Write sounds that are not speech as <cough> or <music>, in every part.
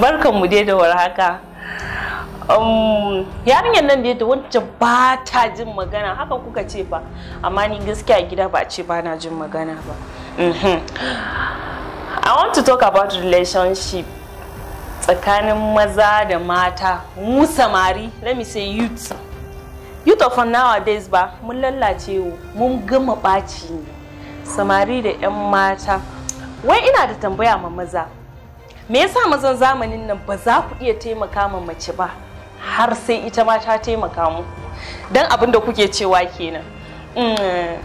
barkan mu dai da warhaka um, yarinyar nan dai da wacce ba ta jin magana haka kuka ce fa amma ni gaskiya gida ba ce ba na jin magana ba mhm. i want to talk about relationship tsakanin maza da mata mu samari let me say youth youth of nowadays ba mun lallace mun gama ɓaci ne samari da 'yan mata wai ina da tambaya ma maza me yasa mazan zamanin nan ba za ku iya taimaka ma mace ba har sai ita ma ta taimaka mu dan abin da kuke cewa kenan mm.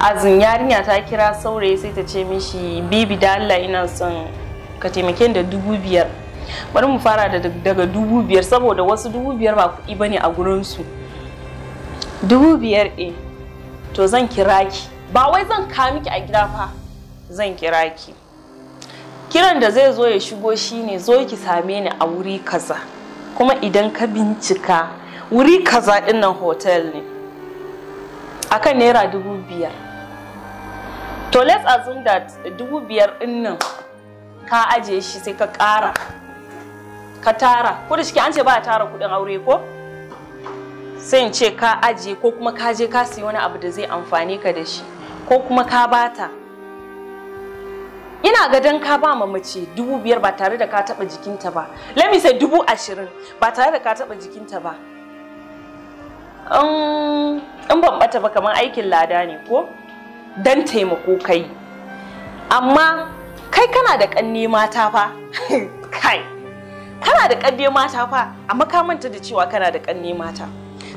azin yarinya ta kira saurayi sai ta ce mishi bibi da allah ina son ka taimake da dubu biyar bari mu fara daga dubu biyar saboda wasu dubu biyar ba kuɗi ba ne a gurinsu dubu biyar e to zan kira ki ba wai zan ka miki a gida fa zan kira ki kiran da zai zo ya shigo shi ne zo ki same ni a wuri kaza kuma idan ka bincika wuri kaza dinnan hotel ne akan naira dubu biyar to let's assume that dubu biyar dinnan ka ajiye shi sai ka ƙara ka tara ko da shi an ce ba a tara kuɗin aure ko sai in ce ka ajiye ko kuma ka je ka siya wani abu da zai amfane ka da shi ko kuma ka bata ina ga dan ka ba ma mace dubu biyar ba tare da ka taba jikinta ba let me say dubu ashirin ba tare da ka taba jikinta ba in ban bata ba kamar aikin lada ne ko dan taimako kai amma kai kana da kanne mata fa <laughs> kai kana da kanne mata fa amma ka manta da cewa kana da kanne mata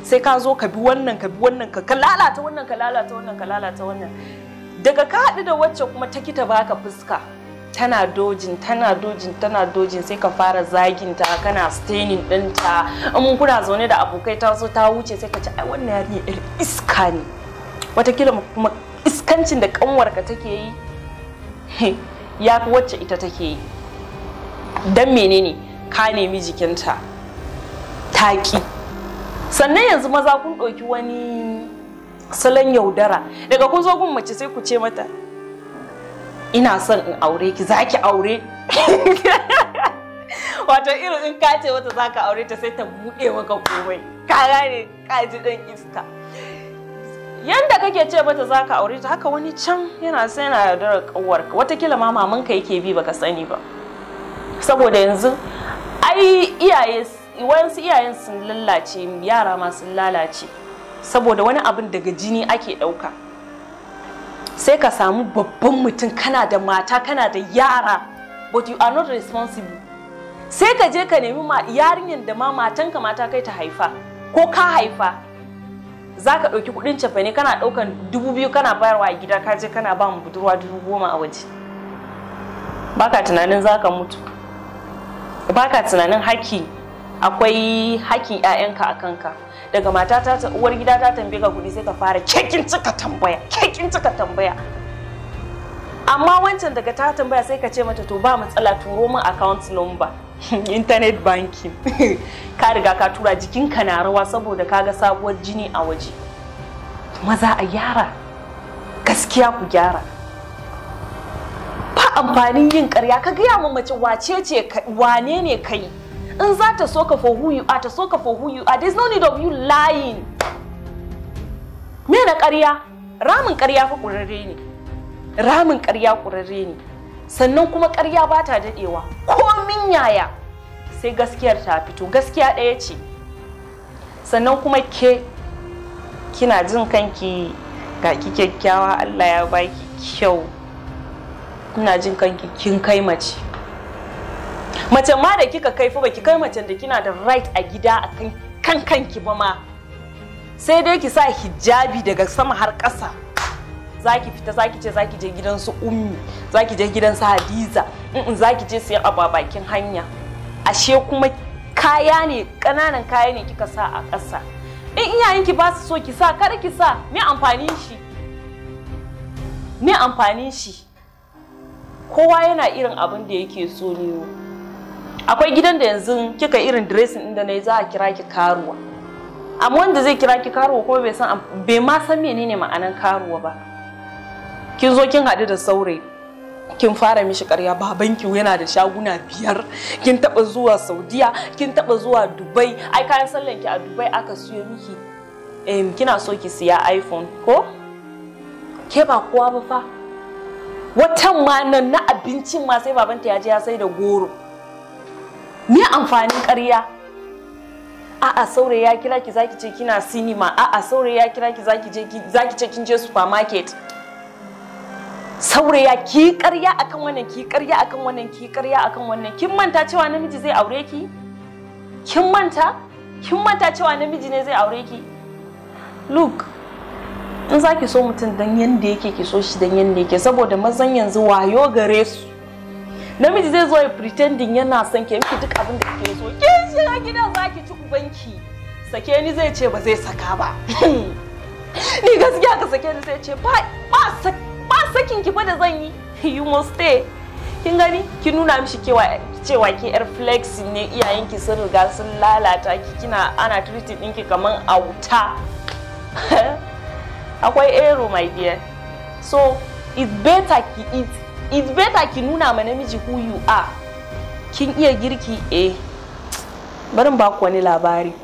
sai ka zo ka bi wannan ka bi wannan ka lalata wannan ka lalata wannan ka lalata wannan daga ka haɗu da wacce kuma ta kita baka fuska tana dojin tana dojin tana dojin sai ka fara zaginta kana staining ɗinta in kuna zaune da abokai ta zo ta wuce sai ka ci, ai wannan yarinya iri iska ne watakila kuma iskancin da kanwarka take yi ya fi wacce ita take yi don menene ka nemi jikinta taƙi sannan yanzu maza kun ɗauki wani salon yaudara daga kun zo gun mace sai ku ce mata ina son in aure ki zaki aure <laughs> wato irin in ka ce wata zaka aure ta sai ta buɗe maka komai ka gane ka ji dan iska yanda kake ce mata zaka aure ta haka wani can yana sai yana yaudarar kawar watakila ma mamanka yake bi baka sani ba saboda yanzu ai iyaye wayansu iyayen sun lalace yara ma sun lalace saboda wani abin daga jini ake ɗauka sai ka samu babban mutum kana da mata kana da yara but you are not responsible sai ka je ka nemi yarinyar da ma matanka mata kai ta haifa ko ka haifa za ka ɗauki kuɗin ne kana ɗaukan dubu biyu kana bayarwa a gida ka je kana ba mu budurwa dubu goma a waje baka tunanin za ka mutu baka tunanin haki akwai haƙƙin 'ya'yanka a kanka daga matata ta uwar gida ta tambaye ka kuɗi sai ka fara kekin cika tambaya kekin cika tambaya amma wancan daga ta tambaya sai ka ce mata to ba matsala turo min account number <laughs> internet banking <laughs> ka riga ka tura jikinka na rawa saboda kaga sabuwar jini a waje maza a gyara gaskiya ku gyara ba amfanin yin karya ka gaya ma mace wace ce wane ne kai in za ta so ka for who you are ta so for who you are there's no need of you lying me na ƙarya ramin ƙarya fa ƙurarre ne ramin ƙarya ƙurarre ne sannan kuma ƙarya ba ta daɗewa komin yaya sai gaskiyar ta fito gaskiya ɗaya ce sannan kuma ke kina jin kanki ga ki kyakkyawa Allah ya baki kyau kina jin kanki kin kai mace mace ma da kika kai fa baki kai macen da kina da right a gida akan kan kanki ba ma sai dai ki sa hijabi daga sama har ƙasa zaki fita zaki ce zaki je gidan su ummi zaki je gidan su hadiza in zaki je siyan abu bakin hanya ashe kuma kaya ne ƙananan kaya ne kika sa a ƙasa in iyayenki ba su so ki sa kar ki sa me amfanin shi me amfanin shi kowa yana irin abin da yake so ne akwai gidan da yanzu kika irin dressing din da ne za a kira ki karuwa amma wanda zai kira ki karuwa kuma bai san bai ma san menene ma'anan karuwa ba kin zo kin haɗu da saurayi kin fara mishi ƙarya ki yana da shaguna biyar kin taɓa zuwa saudiya kin taɓa zuwa dubai ai kayan sallanki a dubai aka siyo miki kina so ki siya iphone ko ke ba kowa ba fa watan ma na abincin ma sai babanta ya je ya sai da goro me amfanin ƙarya a'a saurayi ya kira ki zaki ce kina sinima a'a saurayi ya kira ki zaki je zaki ce kin je supermarket Saurayi, ki ƙarya akan wannan ki ƙarya akan wannan ki ƙarya akan wannan kin manta cewa namiji zai aure ki kin manta kin manta cewa namiji ne zai aure ki look in zaki so mutum dan yanda yake ki so shi dan yanda yake saboda mazan yanzu wayo gare su namiji zai zo ya pretending yana son ke miki duk abin da kike so ke shiga gidan zaki ci ubanki sake ni zai ce ba zai saka ba <laughs> ni gaskiya ka sake ni zai ce ba ba sakin ki ba da zan yi <laughs> you must stay kin gani ki nuna mishi kewa cewa ki yar flex ne iyayenki sun riga sun lalata ki kina ana treating ɗinki kaman auta <laughs> akwai ero my dear so it's better ki eat it's better ki nuna ma namiji who you are kin iya girki eh barin baku wani labari